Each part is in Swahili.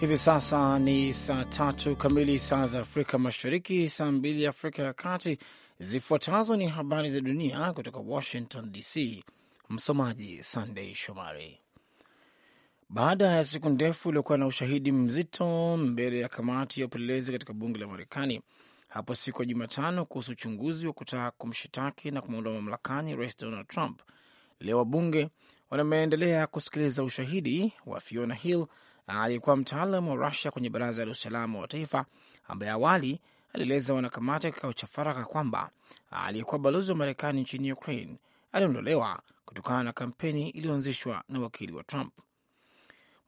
Hivi sasa ni saa tatu kamili saa za Afrika Mashariki, saa mbili Afrika ya Kati. Zifuatazo ni habari za dunia kutoka Washington DC. Msomaji Sandei Shomari. Baada ya siku ndefu iliyokuwa na ushahidi mzito mbele ya kamati ya upelelezi katika bunge la Marekani hapo siku ya Jumatano kuhusu uchunguzi wa kutaka kumshitaki na kumwondoa mamlakani rais Donald Trump, leo wabunge wameendelea kusikiliza ushahidi wa Fiona Hill aliyekuwa mtaalam wa Rusia kwenye Baraza la Usalama wa Taifa, ambaye awali alieleza wanakamata kikao cha faragha kwamba aliyekuwa balozi wa Marekani nchini Ukraine aliondolewa kutokana na kampeni iliyoanzishwa na wakili wa Trump.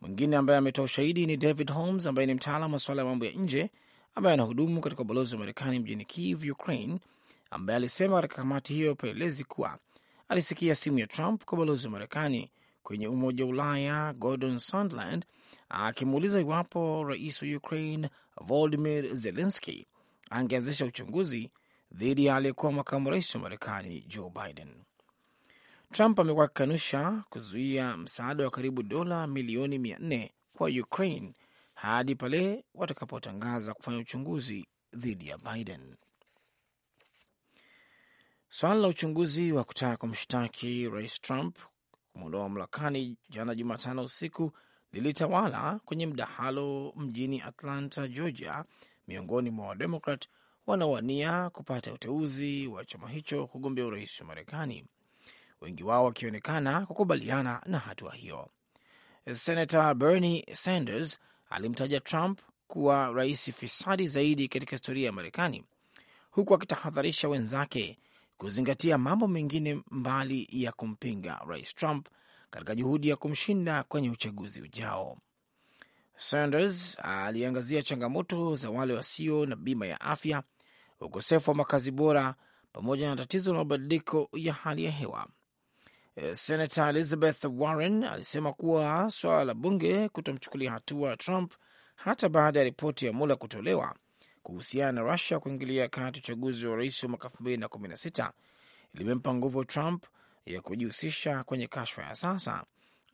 Mwingine ambaye ametoa ushahidi ni David Holmes ambaye ni mtaalam wa suala ya mambo ya nje ambaye anahudumu katika ubalozi wa Marekani mjini Kiev, Ukraine, ambaye alisema katika kamati hiyo ya upelelezi kuwa alisikia simu ya Trump kwa balozi wa Marekani kwenye Umoja wa Ulaya Gordon Sondland akimuuliza iwapo rais wa Ukraine Volodimir Zelenski angeanzisha uchunguzi dhidi ya aliyekuwa makamu rais wa Marekani Joe Biden. Trump amekuwa akikanusha kuzuia msaada wa karibu dola milioni mia nne kwa Ukraine hadi pale watakapotangaza kufanya uchunguzi dhidi ya Biden. Swala la uchunguzi wa kutaka kumshtaki rais Trump kumwondoa mamlakani jana Jumatano usiku lilitawala kwenye mdahalo mjini Atlanta, Georgia, miongoni mwa Wademokrat wanawania kupata uteuzi wa chama hicho kugombea urais wa Marekani, wengi wao wakionekana kukubaliana na hatua hiyo. Senator Bernie Sanders alimtaja Trump kuwa rais fisadi zaidi katika historia ya Marekani, huku akitahadharisha wenzake kuzingatia mambo mengine mbali ya kumpinga rais Trump katika juhudi ya kumshinda kwenye uchaguzi ujao. Sanders aliangazia changamoto za wale wasio na bima ya afya, ukosefu wa makazi bora, pamoja na tatizo la mabadiliko ya hali ya hewa. Senata Elizabeth Warren alisema kuwa swala la bunge kutomchukulia hatua Trump hata baada ya ripoti ya mula kutolewa kuhusiana na Rusia kuingilia kati uchaguzi wa rais wa mwaka 2016 limempa nguvu Trump ya kujihusisha kwenye kashfa ya sasa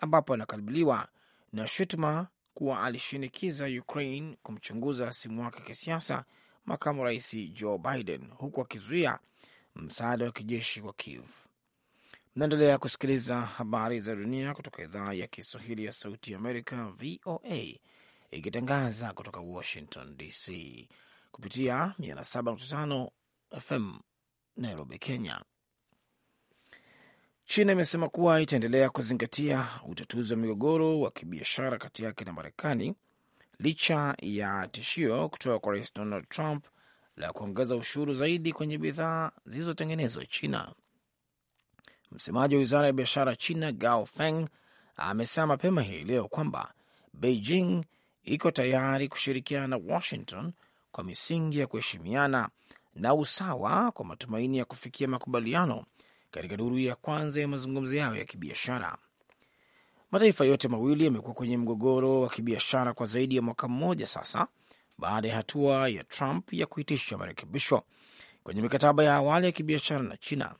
ambapo anakabiliwa na shutuma kuwa alishinikiza Ukraine kumchunguza simu wake kisiasa makamu rais Joe Biden, huku akizuia msaada wa kijeshi kwa Kiev. Mnaendelea kusikiliza habari za dunia kutoka idhaa ya Kiswahili ya Sauti ya Amerika, VOA, ikitangaza kutoka Washington DC kupitia 107.5 FM Nairobi, Kenya. China imesema kuwa itaendelea kuzingatia utatuzi wa migogoro wa kibiashara kati yake na Marekani licha ya tishio kutoka kwa Rais Donald Trump la kuongeza ushuru zaidi kwenye bidhaa zilizotengenezwa China. Msemaji wa wizara ya biashara China, Gao Feng, amesema mapema hii leo kwamba Beijing iko tayari kushirikiana na Washington kwa misingi ya kuheshimiana na usawa kwa matumaini ya kufikia makubaliano katika duru ya kwanza ya mazungumzo yao ya kibiashara. Mataifa yote mawili yamekuwa kwenye mgogoro wa kibiashara kwa zaidi ya mwaka mmoja sasa baada ya hatua ya Trump ya kuitisha marekebisho kwenye mikataba ya awali ya kibiashara na China.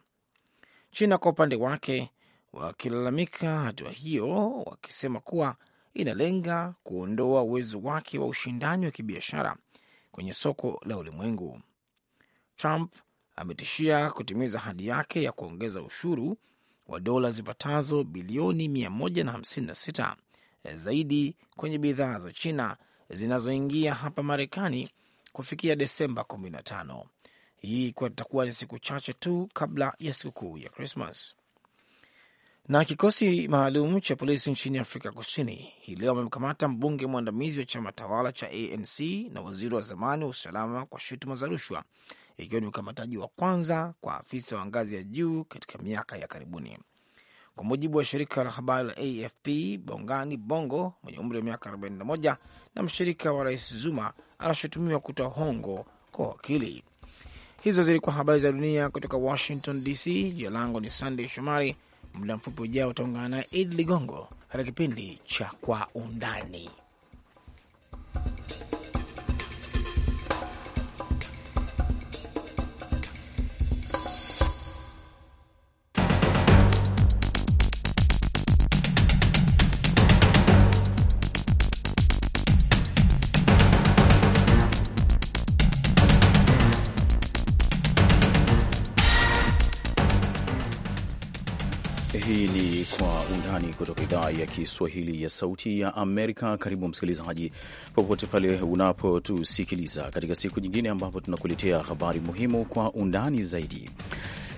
China kwa upande wake wakilalamika hatua hiyo, wakisema kuwa inalenga kuondoa uwezo wake wa ushindani wa kibiashara kwenye soko la ulimwengu. Trump ametishia kutimiza ahadi yake ya kuongeza ushuru wa dola zipatazo bilioni 156 eh, zaidi kwenye bidhaa za China zinazoingia hapa Marekani kufikia Desemba 15. Hii itakuwa ni siku chache tu kabla ya sikukuu ya Krismas. Na kikosi maalum cha polisi nchini Afrika Kusini hii leo amemkamata mbunge mwandamizi wa chama tawala cha ANC na waziri wa zamani wa usalama kwa shutuma za rushwa, ikiwa ni ukamataji wa kwanza kwa afisa wa ngazi ya juu katika miaka ya karibuni. Kwa mujibu wa shirika la habari la AFP, Bongani Bongo mwenye umri wa miaka 41 na mshirika wa rais Zuma anashutumiwa kutoa hongo kwa wakili. Hizo zilikuwa habari za dunia kutoka Washington DC. Jina langu ni Sandey Shomari. Muda mfupi ujao utaungana na Idi Ligongo katika kipindi cha Kwa Undani. ya Kiswahili ya Sauti ya Amerika. Karibu msikilizaji, popote pale unapotusikiliza katika siku nyingine ambapo tunakuletea habari muhimu kwa undani zaidi.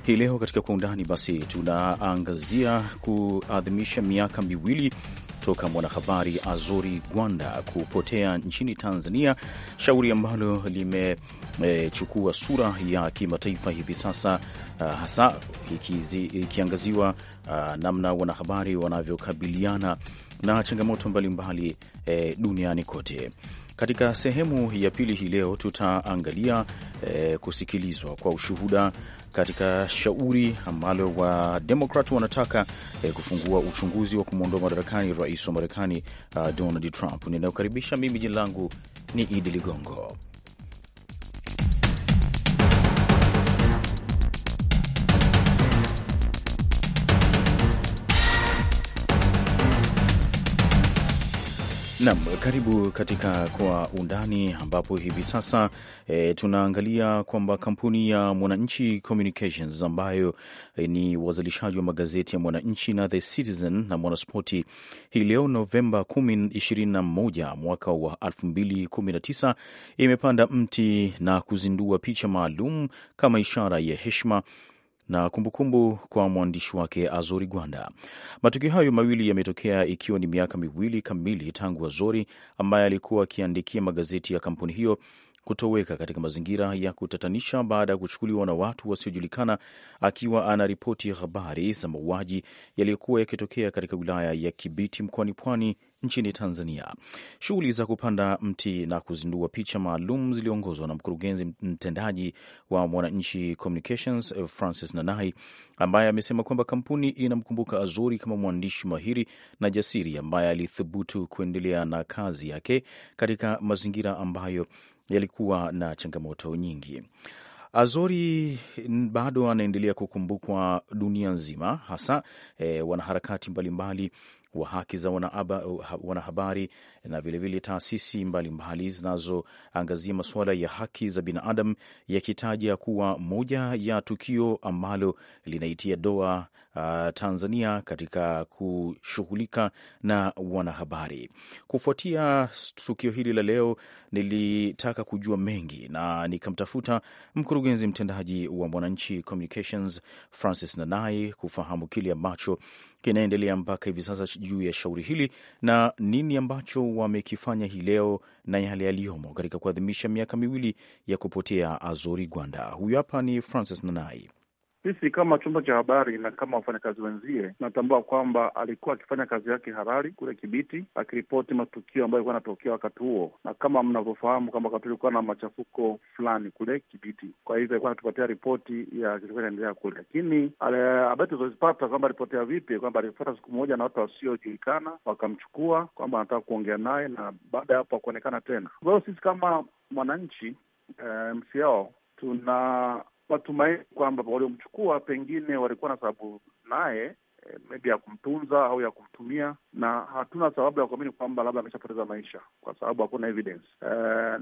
Hii leo katika Kwa Undani basi tunaangazia kuadhimisha miaka miwili kutoka mwanahabari Azori Gwanda kupotea nchini Tanzania, shauri ambalo limechukua e, sura ya kimataifa hivi sasa, uh, hasa ikiangaziwa uh, namna wanahabari wanavyokabiliana na changamoto mbalimbali mbali, eh, e, duniani kote. Katika sehemu ya pili hii leo tutaangalia e, kusikilizwa kwa ushuhuda katika shauri ambalo Wademokrat wanataka e, kufungua uchunguzi wa kumwondoa madarakani rais wa Marekani uh, Donald Trump. Ninayokaribisha mimi, jina langu ni Idi Ligongo. Nam, karibu katika Kwa Undani, ambapo hivi sasa e, tunaangalia kwamba kampuni ya Mwananchi Communications ambayo e, ni wazalishaji wa magazeti ya Mwananchi na The Citizen na Mwanaspoti, hii leo Novemba 10, 21 mwaka wa 2019 imepanda mti na kuzindua picha maalum kama ishara ya heshima na kumbukumbu kumbu kwa mwandishi wake Azori Gwanda. Matukio hayo mawili yametokea ikiwa ni miaka miwili kamili tangu Azori ambaye alikuwa akiandikia magazeti ya kampuni hiyo kutoweka katika mazingira ya kutatanisha baada ya kuchukuliwa na watu wasiojulikana akiwa anaripoti habari za mauaji yaliyokuwa yakitokea katika wilaya ya Kibiti mkoani Pwani nchini Tanzania. Shughuli za kupanda mti na kuzindua picha maalum ziliongozwa na mkurugenzi mtendaji wa Mwananchi Communications Francis Nanai, ambaye amesema kwamba kampuni inamkumbuka Azori kama mwandishi mahiri na jasiri ambaye alithubutu kuendelea na kazi yake katika mazingira ambayo yalikuwa na changamoto nyingi. Azori bado anaendelea kukumbukwa dunia nzima, hasa e, wanaharakati mbalimbali wa haki za wanahabari na vilevile taasisi mbalimbali zinazoangazia masuala ya haki za binadamu, yakitaja kuwa moja ya tukio ambalo linaitia doa uh, Tanzania katika kushughulika na wanahabari. Kufuatia tukio hili la leo, nilitaka kujua mengi na nikamtafuta mkurugenzi mtendaji wa Mwananchi Communications Francis Nanai kufahamu kile ambacho kinaendelea mpaka hivi sasa juu ya shauri hili na nini ambacho wamekifanya hii leo na yale yaliyomo katika kuadhimisha miaka miwili ya kupotea Azori Gwanda. Huyu hapa ni Francis Nanai. Sisi kama chombo cha habari na kama wafanyakazi wenzie, tunatambua kwamba alikuwa akifanya kazi yake halali kule Kibiti, akiripoti matukio ambayo ilikuwa anatokea wakati huo, na kama mnavyofahamu kwamba wakati ulikuwa na machafuko fulani kule Kibiti. Kwa hivyo alikuwa anatupatia ripoti ya kilichokuwa inaendelea kule, lakini habari tulizozipata kwamba alipotea vipi, kwamba alifuata siku moja na watu wasiojulikana wakamchukua, kwamba anataka kuongea naye, na baada ya hapo hakuonekana tena. Kwa hiyo sisi kama mwananchi eh, msiao tuna matumaini kwamba waliomchukua pengine walikuwa na sababu naye eh, maybe ya kumtunza au ya kumtumia, na hatuna sababu ya kuamini kwamba labda ameshapoteza maisha kwa sababu hakuna evidence. E,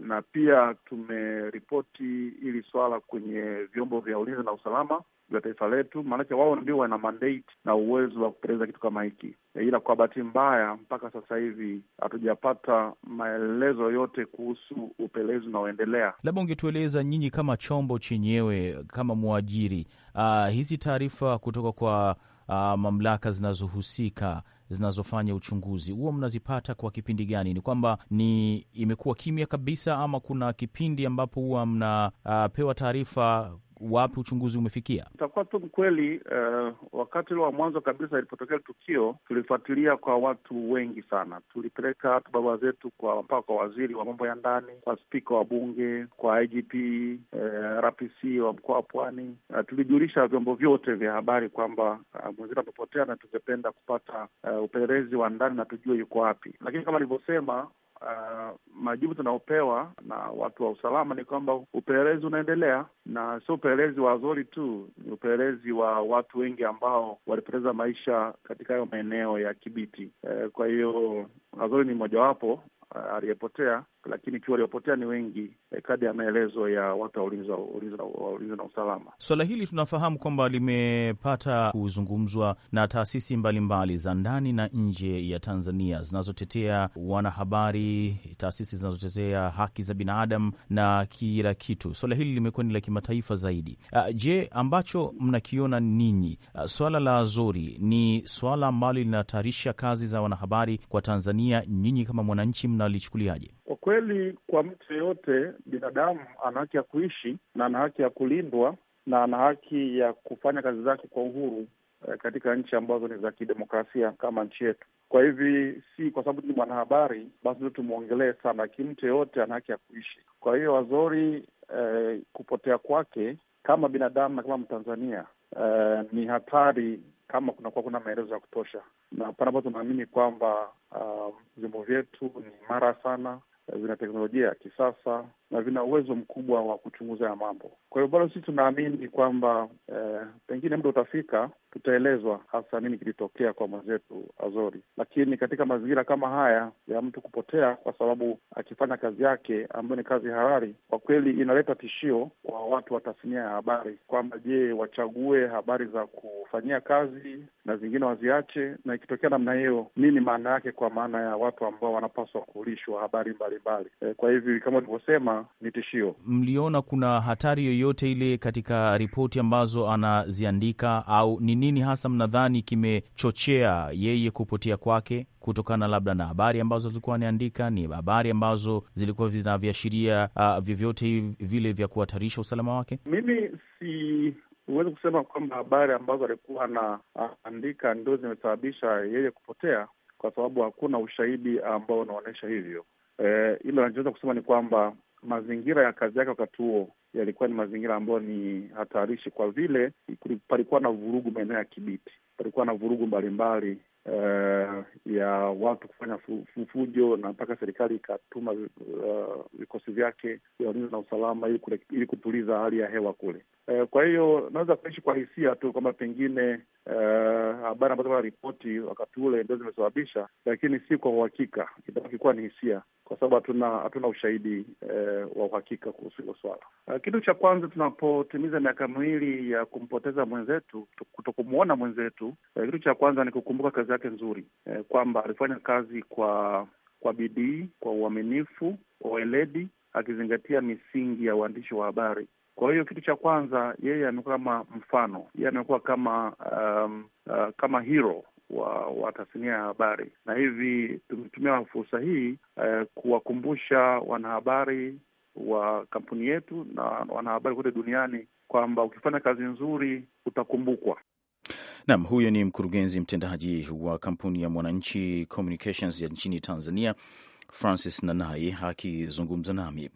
na pia tumeripoti hili swala kwenye vyombo vya ulinzi na usalama vya taifa letu, maanake wao ndio wana mandate na uwezo wa kutekeleza kitu kama hiki. Ila kwa bahati mbaya, mpaka sasa hivi hatujapata maelezo yote kuhusu upelelezi unaoendelea. Labda ungetueleza nyinyi, kama chombo chenyewe, kama mwajiri, uh, hizi taarifa kutoka kwa uh, mamlaka zinazohusika zinazofanya uchunguzi huwa mnazipata kwa kipindi gani? Ni kwamba ni imekuwa kimya kabisa, ama kuna kipindi ambapo huwa mnapewa ah, uh, taarifa wapi uchunguzi umefikia? Itakuwa tu mkweli. Uh, eh, wakati ule wa mwanzo kabisa ilipotokea tukio, tulifuatilia kwa watu wengi sana. Tulipeleka barua zetu kwa mpaka kwa waziri wa mambo ya ndani, kwa spika wa bunge, kwa IGP, uh, eh, RPC wa mkoa wa Pwani. Uh, tulijulisha vyombo vyote vya habari kwamba uh, mwenzetu amepotea na tungependa kupata uh, upelelezi wa ndani na tujue yuko wapi, lakini kama alivyosema uh, majibu tunaopewa na watu wa usalama ni kwamba upelelezi unaendelea na sio upelelezi wa Azori tu, ni upelelezi wa watu wengi ambao walipoteza maisha katika hayo maeneo ya Kibiti. Uh, kwa hiyo Azori ni mmojawapo uh, eh, aliyepotea lakini ikiwa waliopotea ni wengi eh, kadi ya maelezo ya watu wa ulinzi na usalama. Swala hili tunafahamu kwamba limepata kuzungumzwa na taasisi mbalimbali za ndani na nje ya Tanzania zinazotetea wanahabari, taasisi zinazotetea haki za binadamu na kila kitu. Swala hili limekuwa ni la kimataifa zaidi. Uh, je, ambacho mnakiona ninyi, uh, swala la Azori ni swala ambalo linahatarisha kazi za wanahabari kwa Tanzania, nyinyi kama mwananchi mnalichukuliaje? Kwa kweli, kwa mtu yeyote binadamu ana haki ya kuishi na ana haki ya kulindwa na ana haki ya kufanya kazi zake kwa uhuru eh, katika nchi ambazo ni za kidemokrasia kama nchi yetu. Kwa hivi si kwa sababu ni mwanahabari basi ndio tumwongelee sana, lakini mtu yeyote ana haki ya kuishi. Kwa hiyo Wazori eh, kupotea kwake kama binadamu na kama Mtanzania eh, ni hatari kama kunakuwa kuna maelezo ya kutosha, na pale ambapo tunaamini kwamba uh, vyombo vyetu ni imara sana vina teknolojia ya kisasa na vina uwezo mkubwa wa kuchunguza ya mambo. Kwa hiyo bado sisi tunaamini kwamba eh, pengine muda utafika tutaelezwa hasa nini kilitokea kwa mwenzetu Azori, lakini katika mazingira kama haya ya mtu kupotea kwa sababu akifanya kazi yake ambayo ni kazi halali, kwa kweli inaleta tishio kwa watu wa tasnia ya habari kwamba je, wachague habari za ku watazifanyia kazi na zingine waziache, na ikitokea namna hiyo, nini maana yake kwa maana ya watu ambao wanapaswa kuulishwa habari mbalimbali mbali. Eh, e, kwa hivi kama ulivyosema ni tishio. Mliona kuna hatari yoyote ile katika ripoti ambazo anaziandika, au ni nini hasa mnadhani kimechochea yeye kupotea kwake, kutokana labda na habari ambazo alikuwa anaandika? Ni habari ambazo zilikuwa zinaviashiria uh, vyovyote vile vya kuhatarisha usalama wake? Mimi si huwezi kusema kwamba habari ambazo alikuwa anaandika ndio zimesababisha yeye kupotea, kwa sababu hakuna ushahidi ambao unaonyesha hivyo. E, ilo anachoweza kusema ni kwamba mazingira ya kazi yake wakati huo yalikuwa ni mazingira ambayo ni hatarishi, kwa vile palikuwa na vurugu maeneo ya Kibiti, palikuwa na vurugu mbalimbali uh, ya watu kufanya fujo na mpaka serikali ikatuma uh, vikosi vyake vya ulinzi na usalama ili, kule, ili kutuliza hali ya hewa kule. Uh, kwa hiyo naweza kuishi kwa hisia tu kwamba pengine habari uh, ambazo ripoti wakati ule ndio zimesababisha, lakini si kwa uhakika, itabaki kuwa ni hisia kwa sababu hatuna hatuna ushahidi eh, wa uhakika kuhusu hilo swala. Uh, kitu cha kwanza tunapotimiza miaka miwili ya kumpoteza mwenzetu, kutokumwona mwenzetu, uh, kitu cha kwanza ni kukumbuka kazi zake nzuri e, kwamba alifanya kazi kwa kwa bidii, kwa uaminifu, kwa weledi, akizingatia misingi ya uandishi wa habari. Kwa hiyo kitu cha kwanza, yeye amekuwa kama mfano, yeye amekuwa kama um, uh, kama hero wa, wa tasnia ya habari, na hivi tumetumia fursa hii uh, kuwakumbusha wanahabari wa kampuni yetu na wanahabari kote duniani kwamba ukifanya kazi nzuri utakumbukwa. Nam, huyo ni mkurugenzi mtendaji wa kampuni ya Mwananchi Communications ya nchini Tanzania, Francis Nanai akizungumza nami.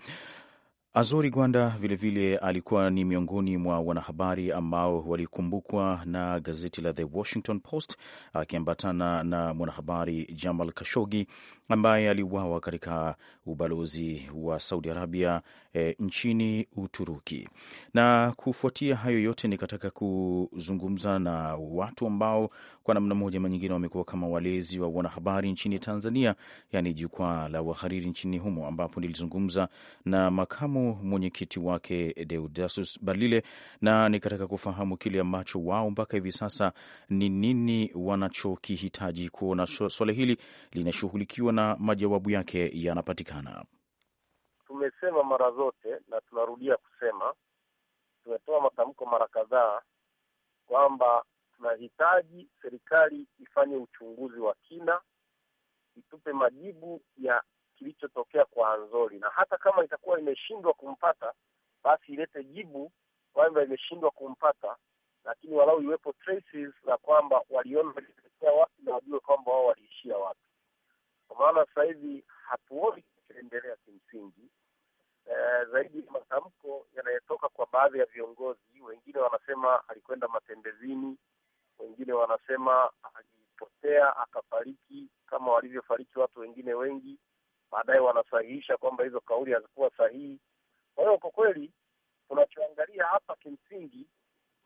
Azori Gwanda vilevile vile alikuwa ni miongoni mwa wanahabari ambao walikumbukwa na gazeti la The Washington Post akiambatana na mwanahabari Jamal Kashogi ambaye aliuawa katika ubalozi wa Saudi Arabia e, nchini Uturuki. Na kufuatia hayo yote, nikataka kuzungumza na watu ambao kwa namna moja ama nyingine wamekuwa kama walezi wa wanahabari nchini Tanzania, yani jukwaa la wahariri nchini humo, ambapo nilizungumza na makamu mwenyekiti wake Deudasus Balile na nikataka kufahamu kile ambacho wao mpaka hivi sasa ni nini wanachokihitaji kuona swala hili linashughulikiwa na majawabu yake yanapatikana. Tumesema mara zote na tunarudia kusema, tumetoa matamko mara kadhaa kwamba tunahitaji serikali ifanye uchunguzi wa kina, itupe majibu ya kilichotokea kwa Anzori, na hata kama itakuwa imeshindwa kumpata basi ilete jibu kwamba imeshindwa kumpata, lakini walau iwepo traces na kwamba waliona walitokea wapi na wajue kwamba wao waliishia wapi, kwa maana sasa hivi hatuoni kinaendelea kimsingi. Ee, zaidi ya matamko yanayotoka kwa baadhi ya viongozi, wengine wanasema alikwenda matembezini, wengine wanasema alipotea akafariki kama walivyofariki watu wengine wengi. Baadaye wanasahihisha kwamba hizo kauli hazikuwa sahihi. Kwa hiyo kwa kweli tunachoangalia hapa kimsingi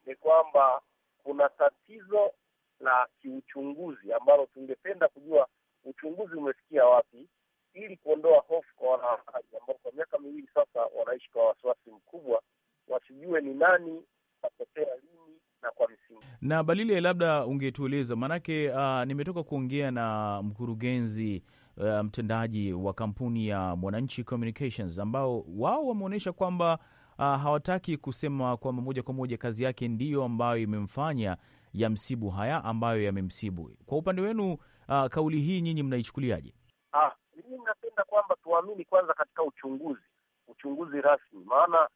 ni kwamba kuna tatizo la kiuchunguzi ambalo tungependa kujua uchunguzi umefikia wapi, ili kuondoa hofu kwa wanahabari ambao kwa miaka miwili sasa wanaishi kwa wasiwasi mkubwa, wasijue ni nani na Balile, labda ungetueleza maanake, uh, ah, nimetoka kuongea na mkurugenzi uh, mtendaji wa kampuni ya Mwananchi Communications ambao wao wameonyesha kwamba uh, hawataki kusema kwamba moja kwa moja kazi yake ndiyo ambayo imemfanya ya msibu haya ambayo yamemsibu. Kwa upande wenu, uh, kauli hii nyinyi mnaichukuliaje? Ah, mimi napenda kwamba tuamini kwanza katika uchunguzi, uchunguzi rasmi, maana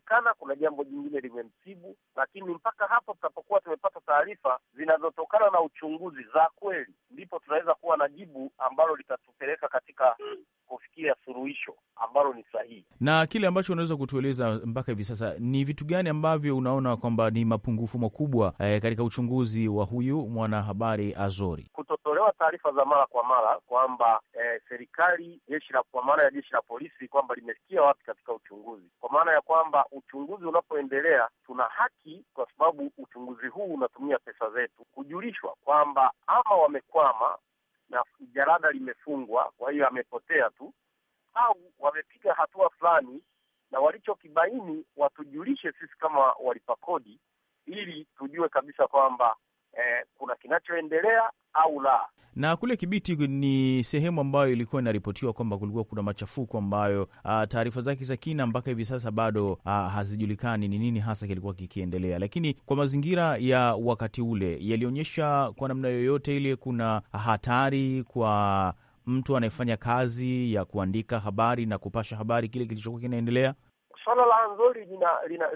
inawezekana kuna jambo jingine limemsibu, lakini mpaka hapo tutapokuwa tumepata taarifa zinazotokana na uchunguzi za kweli, ndipo tunaweza kuwa na jibu ambalo litatupeleka katika kufikia suluhisho ambalo ni sahihi. Na kile ambacho unaweza kutueleza mpaka hivi sasa ni vitu gani ambavyo unaona kwamba ni mapungufu makubwa eh, katika uchunguzi wa huyu mwanahabari Azori? kumetolewa taarifa za mara kwa mara kwamba eh, serikali jeshi la kwa maana ya jeshi la polisi kwamba limefikia wapi katika uchunguzi, kwa maana ya kwamba uchunguzi unapoendelea, tuna haki kwa sababu uchunguzi huu unatumia pesa zetu, kujulishwa kwamba ama wamekwama na jarada limefungwa, kwa hiyo amepotea tu, au wamepiga hatua fulani na walichokibaini watujulishe sisi kama walipa kodi, ili tujue kabisa kwamba eh, kuna kinachoendelea au la. Na kule Kibiti ni sehemu ambayo ilikuwa inaripotiwa kwamba kulikuwa kuna machafuko ambayo ah, taarifa zake za kina mpaka hivi sasa bado a, ah, hazijulikani ni nini hasa kilikuwa kikiendelea, lakini kwa mazingira ya wakati ule yalionyesha kwa namna yoyote ile kuna hatari kwa mtu anayefanya kazi ya kuandika habari na kupasha habari kile kilichokuwa kinaendelea. Swala la Anzori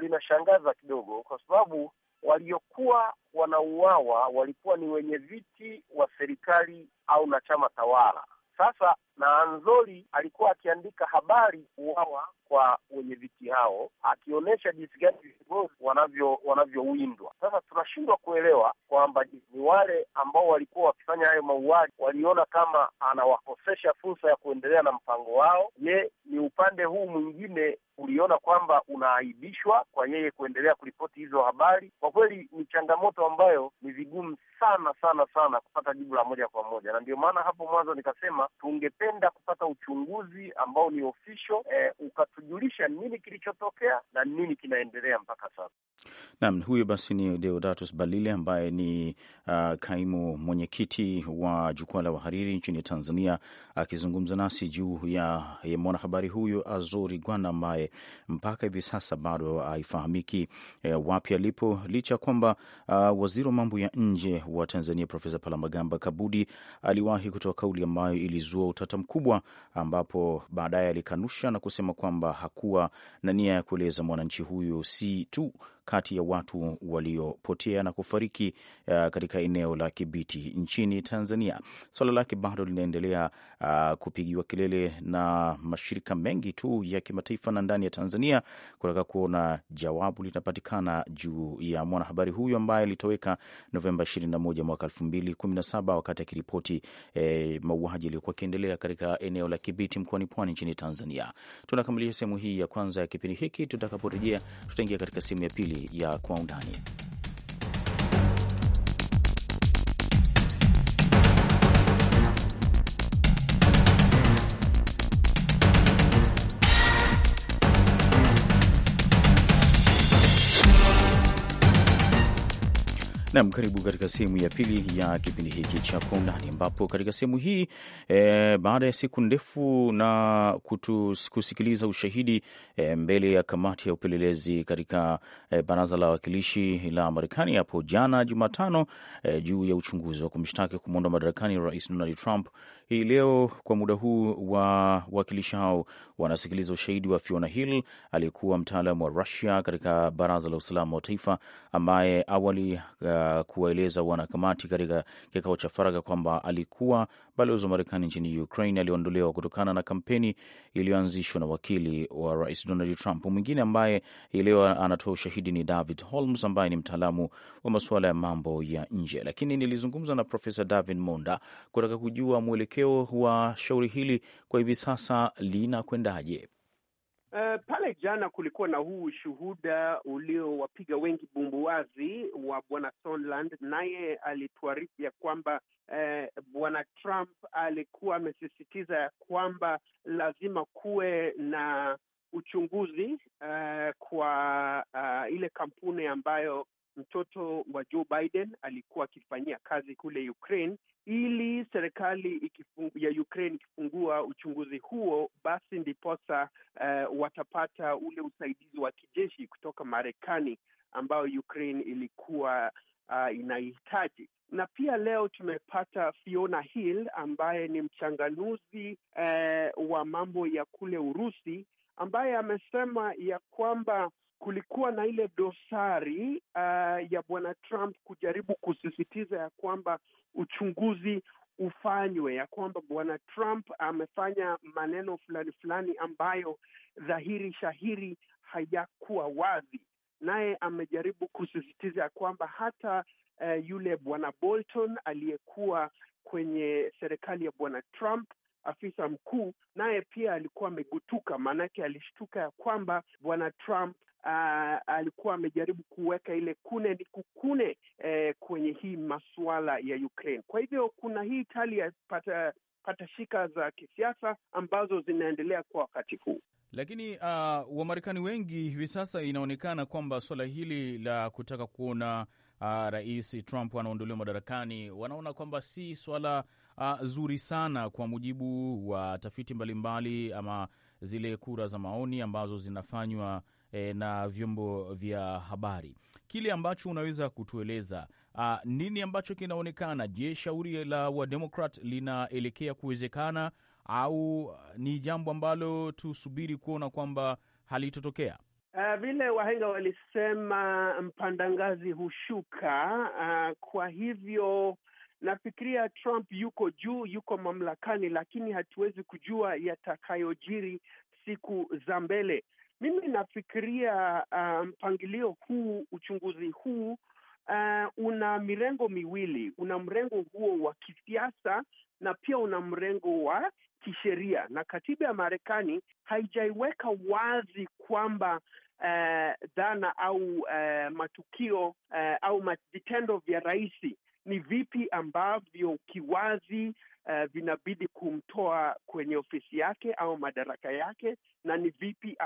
linashangaza lina, lina kidogo kwa sababu waliokuwa wanauawa walikuwa ni wenye viti wa serikali au na chama tawala. Sasa na Anzoli alikuwa akiandika habari kuwawa kwa wenye viti hao, akionyesha jinsi gani viongozi wanavyo wanavyowindwa. Sasa tunashindwa kuelewa kwamba ni wale ambao walikuwa wakifanya hayo mauaji waliona kama anawakosesha fursa ya kuendelea na mpango wao. Je, ni upande huu mwingine uliona kwamba unaaibishwa kwa yeye kuendelea kuripoti hizo habari? Kwa kweli ni changamoto ambayo ni vigumu sana sana sana kupata jibu la moja kwa moja, na ndio maana hapo mwanzo nikasema tungepe tungependa kupata uchunguzi ambao ni official eh, ukatujulisha nini kilichotokea na nini kinaendelea mpaka sasa. Naam, huyo basi ni Deodatus Balile ambaye ni uh, kaimu mwenyekiti wa jukwaa la wahariri nchini Tanzania akizungumza uh, nasi juu ya, ya mwanahabari huyo Azori Gwanda ambaye mpaka hivi sasa bado haifahamiki uh, wapi alipo licha ya kwamba uh, waziri wa mambo ya nje wa Tanzania Profesa Palamagamba Kabudi aliwahi kutoa kauli ambayo ilizua utata utata mkubwa, ambapo baadaye alikanusha na kusema kwamba hakuwa na nia ya kueleza mwananchi huyo si tu kati ya watu waliopotea na kufariki uh, katika eneo la Kibiti nchini Tanzania. Swala lake bado linaendelea uh, kupigiwa kelele na mashirika mengi tu ya kimataifa na ndani ya Tanzania kutaka kuona jawabu linapatikana juu ya mwanahabari huyu ambaye alitoweka Novemba 21 mwaka 2017 wakati akiripoti eh, mauaji yaliyokuwa akiendelea katika eneo la Kibiti mkoani Pwani nchini Tanzania. Tunakamilisha sehemu hii ya kwanza ya kipindi hiki. Tutakaporejea tutaingia katika sehemu ya pili ya Kwa Undani. Nam, karibu katika sehemu ya pili ya kipindi hiki cha Kwa Undani, ambapo katika sehemu hii e, baada ya siku ndefu na kutu, kusikiliza ushahidi e, mbele ya kamati ya upelelezi katika e, baraza la wawakilishi la Marekani hapo jana Jumatano e, juu ya uchunguzi wa kumshtaki kumwondoa madarakani Rais Donald Trump, hii leo kwa muda huu wa wawakilishi hao wanasikiliza ushahidi wa Fiona Hill aliyekuwa mtaalamu wa Rusia katika baraza la usalama wa taifa ambaye awali uh, kuwaeleza wanakamati katika kikao cha faraga kwamba alikuwa balozi wa Marekani nchini Ukraine aliondolewa kutokana na kampeni iliyoanzishwa na wakili wa rais Donald Trump. Mwingine ambaye hii leo anatoa ushahidi ni David Holmes ambaye ni mtaalamu wa masuala ya mambo ya nje, lakini nilizungumza na Profesa David Monda kutaka kujua mwelekeo wa shauri hili kwa hivi sasa linakwendaje. Uh, pale jana kulikuwa na huu shuhuda uliowapiga wengi bumbuwazi wa bwana sonland naye alituarifu ya kwamba uh, bwana Trump alikuwa amesisitiza ya kwamba lazima kuwe na uchunguzi uh, kwa uh, ile kampuni ambayo mtoto wa Joe Biden alikuwa akifanyia kazi kule Ukraine ili serikali ikifungu, ya Ukraine ikifungua uchunguzi huo, basi ndiposa uh, watapata ule usaidizi wa kijeshi kutoka Marekani ambayo Ukraine ilikuwa uh, inahitaji. Na pia leo tumepata Fiona Hill ambaye ni mchanganuzi uh, wa mambo ya kule Urusi ambaye amesema ya kwamba kulikuwa na ile dosari uh, ya bwana Trump kujaribu kusisitiza ya kwamba uchunguzi ufanywe, ya kwamba bwana Trump amefanya maneno fulani fulani ambayo dhahiri shahiri hayakuwa wazi. Naye amejaribu kusisitiza ya kwamba hata uh, yule bwana Bolton aliyekuwa kwenye serikali ya bwana Trump afisa mkuu naye pia alikuwa amegutuka, maanake alishtuka ya kwamba bwana Trump uh, alikuwa amejaribu kuweka ile kune ni kukune eh, kwenye hii masuala ya Ukraine. Kwa hivyo kuna hii hali ya pata, patashika za kisiasa ambazo zinaendelea kwa wakati huu lakini uh, Wamarekani wengi hivi sasa inaonekana kwamba suala hili la kutaka kuona uh, Rais Trump anaondolewa madarakani wanaona kwamba si swala uh, zuri sana, kwa mujibu wa tafiti mbalimbali mbali, ama zile kura za maoni ambazo zinafanywa e, na vyombo vya habari. Kile ambacho unaweza kutueleza a, ah, nini ambacho kinaonekana? Je, shauri la Wademokrat linaelekea kuwezekana au ah, ni jambo ambalo tusubiri kuona kwamba halitotokea? Uh, vile wahenga walisema mpanda ngazi hushuka. Uh, kwa hivyo Nafikiria Trump yuko juu, yuko mamlakani, lakini hatuwezi kujua yatakayojiri siku za mbele. Mimi nafikiria uh, mpangilio huu uchunguzi huu uh, una mirengo miwili, una mrengo huo wa kisiasa na pia una mrengo wa kisheria, na katiba ya Marekani haijaiweka wazi kwamba uh, dhana au uh, matukio uh, au vitendo vya rais ni vipi ambavyo kiwazi uh, vinabidi kumtoa kwenye ofisi yake au madaraka yake na ni vipi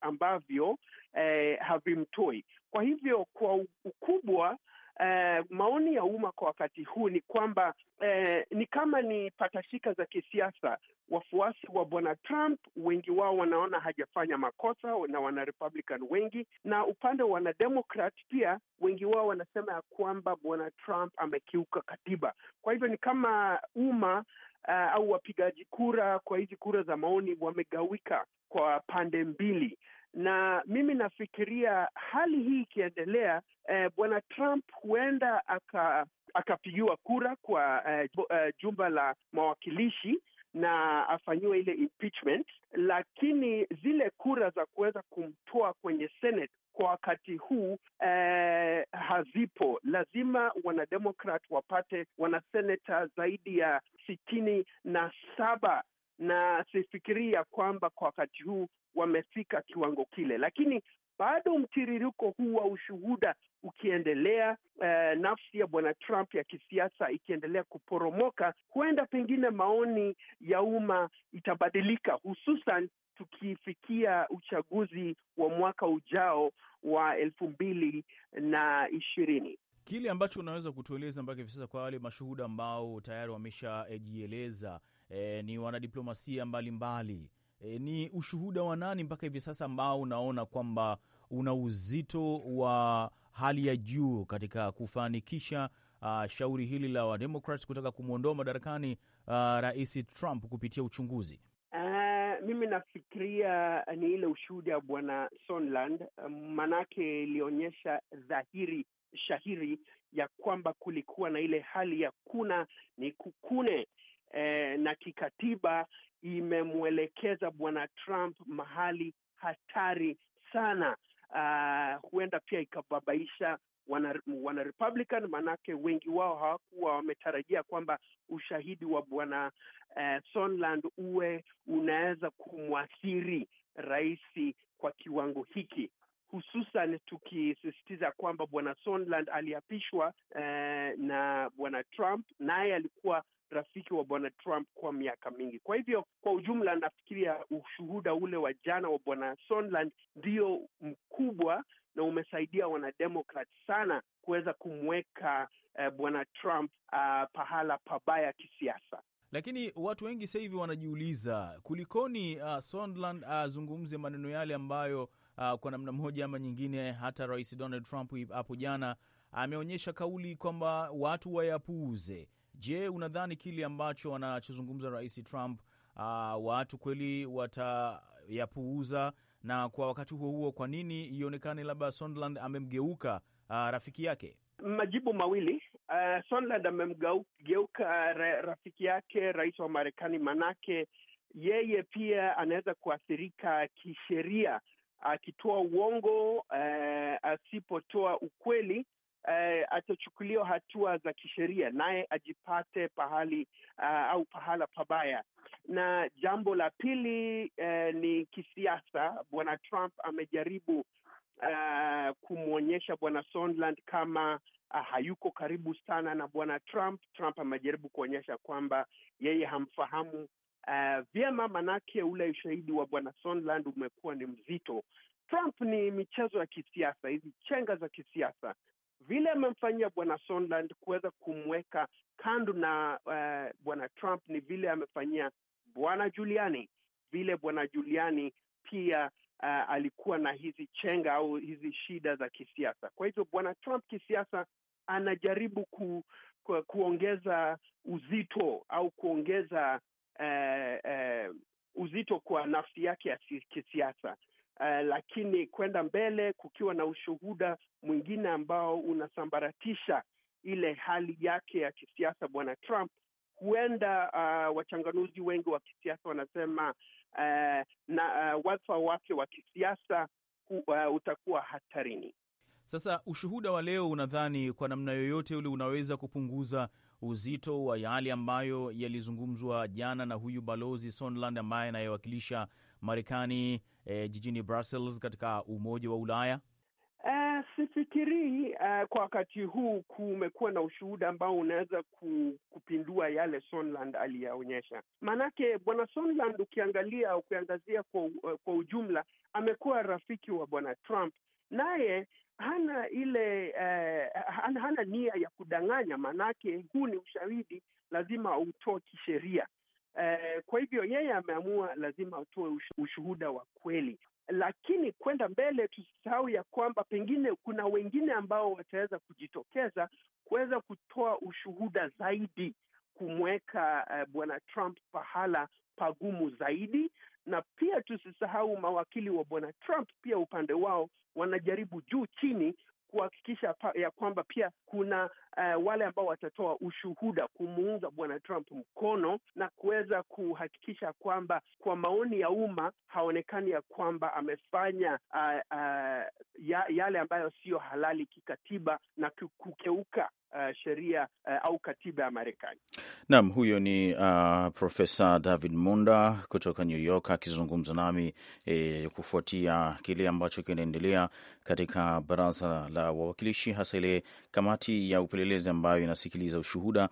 ambavyo uh, havimtoi. Kwa hivyo kwa ukubwa eh, maoni ya umma kwa wakati huu ni kwamba eh, ni kama ni patashika za kisiasa. Wafuasi wa bwana Trump wengi wao wanaona hajafanya makosa na wana Republican wengi, na upande wa wanademokrat pia wengi wao wanasema ya kwamba bwana Trump amekiuka katiba. Kwa hivyo ni kama umma Uh, au wapigaji kura kwa hizi kura za maoni wamegawika kwa pande mbili, na mimi nafikiria hali hii ikiendelea, eh, bwana Trump huenda aka akapigiwa kura kwa eh, eh, jumba la mawakilishi na afanyiwe ile impeachment, lakini zile kura za kuweza kumtoa kwenye Senate kwa wakati huu eh, hazipo. Lazima wanademokrat wapate wanaseneta zaidi ya sitini na saba na sifikiria kwamba kwa wakati huu wamefika kiwango kile, lakini bado mtiririko huu wa ushuhuda ukiendelea, eh, nafsi ya bwana Trump ya kisiasa ikiendelea kuporomoka, huenda pengine maoni ya umma itabadilika, hususan tukifikia uchaguzi wa mwaka ujao wa elfu mbili na ishirini. Kile ambacho unaweza kutueleza mpaka hivi sasa kwa wale mashuhuda ambao tayari wameshajieleza e, ni wanadiplomasia mbalimbali mbali. E, ni ushuhuda wa nani mpaka hivi sasa ambao unaona kwamba una uzito wa hali ya juu katika kufanikisha uh, shauri hili la wademokrat kutaka kumwondoa madarakani uh, Rais Trump kupitia uchunguzi? Uh, mimi nafikiria ni ile ushuhuda wa bwana sonland um, manake ilionyesha dhahiri shahiri ya kwamba kulikuwa na ile hali ya kuna ni kukune eh, na kikatiba imemwelekeza bwana Trump mahali hatari sana. Uh, huenda pia ikababaisha wana, wana maanake wengi wao hawakuwa wametarajia kwamba ushahidi wa bwana eh, sonland uwe unaweza kumwathiri raisi kwa kiwango hiki hususan tukisisitiza kwamba bwana Sondland aliapishwa uh, na bwana Trump, naye alikuwa rafiki wa bwana Trump kwa miaka mingi. Kwa hivyo, kwa ujumla, nafikiria ushuhuda ule wa jana wa bwana Sondland ndio mkubwa na umesaidia wanademokrat sana kuweza kumweka uh, bwana Trump uh, pahala pabaya kisiasa. Lakini watu wengi sa hivi wanajiuliza kulikoni, uh, Sondland azungumze uh, maneno yale ambayo uh, kwa namna moja ama nyingine, hata Rais Donald Trump hapo jana ameonyesha kauli kwamba watu wayapuuze. Je, unadhani kile ambacho anachozungumza Rais Trump uh, watu kweli watayapuuza? Na kwa wakati huo huo, kwa nini ionekane labda Sondland amemgeuka uh, rafiki yake? Majibu mawili. Uh, Sondland amemgeuka ra rafiki yake rais wa Marekani, manake yeye pia anaweza kuathirika kisheria akitoa uongo eh, asipotoa ukweli eh, atachukuliwa hatua za kisheria, naye ajipate pahali uh, au pahala pabaya. Na jambo la pili eh, ni kisiasa. Bwana Trump amejaribu Uh, kumwonyesha bwana Sondland kama uh, hayuko karibu sana na bwana Trump. Trump amejaribu kuonyesha kwamba yeye hamfahamu uh, vyema, manake ule ushahidi wa bwana Sondland umekuwa ni mzito. Trump ni michezo ya kisiasa, hizi chenga za kisiasa vile amemfanyia bwana Sondland kuweza kumweka kando na uh, bwana Trump ni vile amefanyia bwana juliani vile bwana juliani pia uh, alikuwa na hizi chenga au hizi shida za kisiasa. Kwa hivyo bwana Trump kisiasa anajaribu ku, ku, kuongeza uzito au kuongeza uh, uh, uzito kwa nafsi yake ya kisiasa Uh, lakini kwenda mbele kukiwa na ushuhuda mwingine ambao unasambaratisha ile hali yake ya kisiasa Bwana Trump, huenda uh, wachanganuzi wengi wa kisiasa wanasema uh, na uh, wadhifa wake wa kisiasa uh, utakuwa hatarini. Sasa ushuhuda wa leo, unadhani kwa namna yoyote ule unaweza kupunguza uzito wa yale ambayo yalizungumzwa jana na huyu balozi Sondland ambaye anayewakilisha Marekani eh, jijini Brussels katika Umoja wa Ulaya? Uh, sifikirii uh, kwa wakati huu kumekuwa na ushuhuda ambao unaweza ku, kupindua yale Sondland aliyaonyesha. Maanake bwana Sondland ukiangalia, ukiangazia kwa, uh, kwa ujumla amekuwa rafiki wa bwana Trump naye hana ile eh, hana, hana nia ya kudanganya, maanake huu ni ushahidi lazima autoe kisheria. Eh, kwa hivyo yeye ameamua lazima autoe ushuhuda wa kweli, lakini kwenda mbele tusisahau ya kwamba pengine kuna wengine ambao wataweza kujitokeza kuweza kutoa ushuhuda zaidi kumweka uh, bwana Trump pahala pagumu zaidi, na pia tusisahau mawakili wa bwana Trump pia upande wao wanajaribu juu chini kuhakikisha ya kwamba pia kuna uh, wale ambao watatoa ushuhuda kumuunga bwana Trump mkono na kuweza kuhakikisha kwamba kwa maoni ya umma haonekani ya kwamba amefanya uh, uh, ya, yale ambayo siyo halali kikatiba na kukeuka uh, sheria uh, au katiba ya Marekani. Naam, huyo ni uh, Profesa David Munda kutoka New York akizungumza nami e, kufuatia kile ambacho kinaendelea katika baraza la wawakilishi, hasa ile kamati ya upelelezi ambayo inasikiliza ushuhuda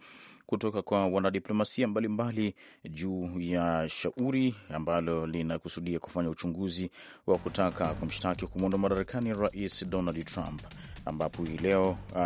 kutoka kwa wanadiplomasia mbalimbali juu ya shauri ambalo linakusudia kufanya uchunguzi wa kutaka kumshtaki kumwondoa madarakani Rais Donald Trump, ambapo hii leo uh,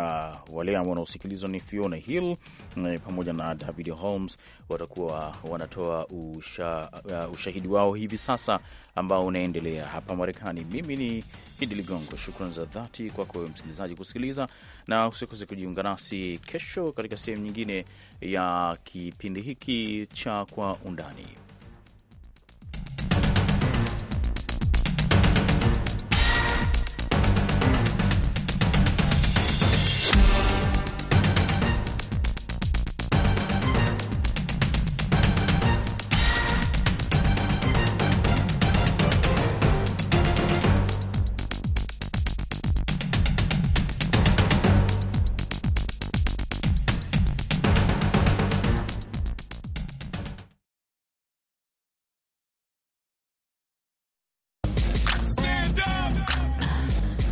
wale wanaosikilizwa ni Fiona Hill eh, pamoja na David Holmes watakuwa wanatoa usha, uh, ushahidi wao hivi sasa ambao unaendelea hapa Marekani. Mimi ni Idi Ligongo, shukran za dhati kwako msikilizaji kusikiliza, na usikose kujiunga nasi kesho katika sehemu nyingine ya kipindi hiki cha Kwa Undani.